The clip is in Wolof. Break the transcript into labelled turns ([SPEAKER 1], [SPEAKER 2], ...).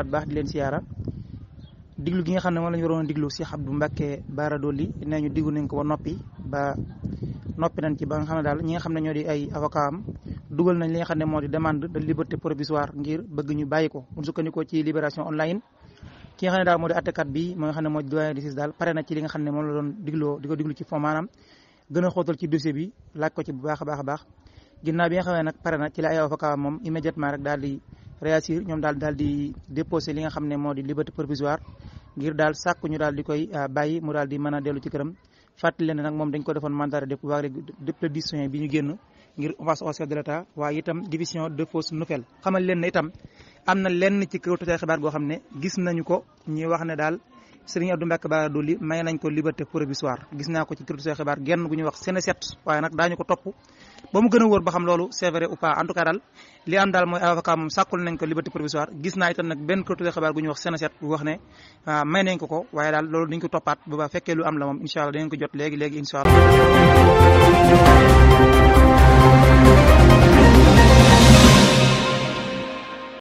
[SPEAKER 1] nuyuwaat baax di leen siyaara diglu gi nga xam ne moom la waroon a diglu Cheikh Abdou Mbacké Bara Dolly nee ñu diggu nañ ko ba noppi ba noppi nañ ci ba nga xam ne daal ñi xam ne ñoo di ay avocat am dugal nañ li xam ne moo di demande de liberté provisoire ngir bëgg ñu bàyyi ko bu sukkandikoo ci libération online ki nga bi moo nga xam ne moo di doyen di daal pare na ci li nga xam ne moom la doon digloo di ko diglu ci a xóotal ci dossier bi laaj ko a a moom immédiatement rek daal réagir ñoom daal daal di déposer li nga xam ne moo di liberté provisoire ngir daal sàkku ñu daal di koy euh, bàyyi mu daal di mën a dellu ci këram fàttali leen nag moom dañ ko defoon mandat de dépôt waaye depuis le bi ñu génn ngir face au chef de l'État waaye itam division de fausse nouvelle xamal leen ne itam am na lenn ci kaw totee xibaar goo xam ne gis nañu ko ñuy wax ne daal Serigne Abdou Mbacke Bara Dolly may nañ ko liberté provisoire gis naa ko ci kaw totee xibaar genn gu ñuy wax Sénégal waaye nag daañu ko topp ba mu gën a wóor ba xam loolu c'est vrai ou pas li am daal mooy avocat moom sàkkul nañ ko liberté provisoire gis naa itam nag benn kër xibaar gu ñuy wax Sénégal bu wax ne ah, may nañ ko waaye daal loolu dañ ko toppaat bu fekkee lu am la moom incha allah dinañ ko jot léegi léegi incha allah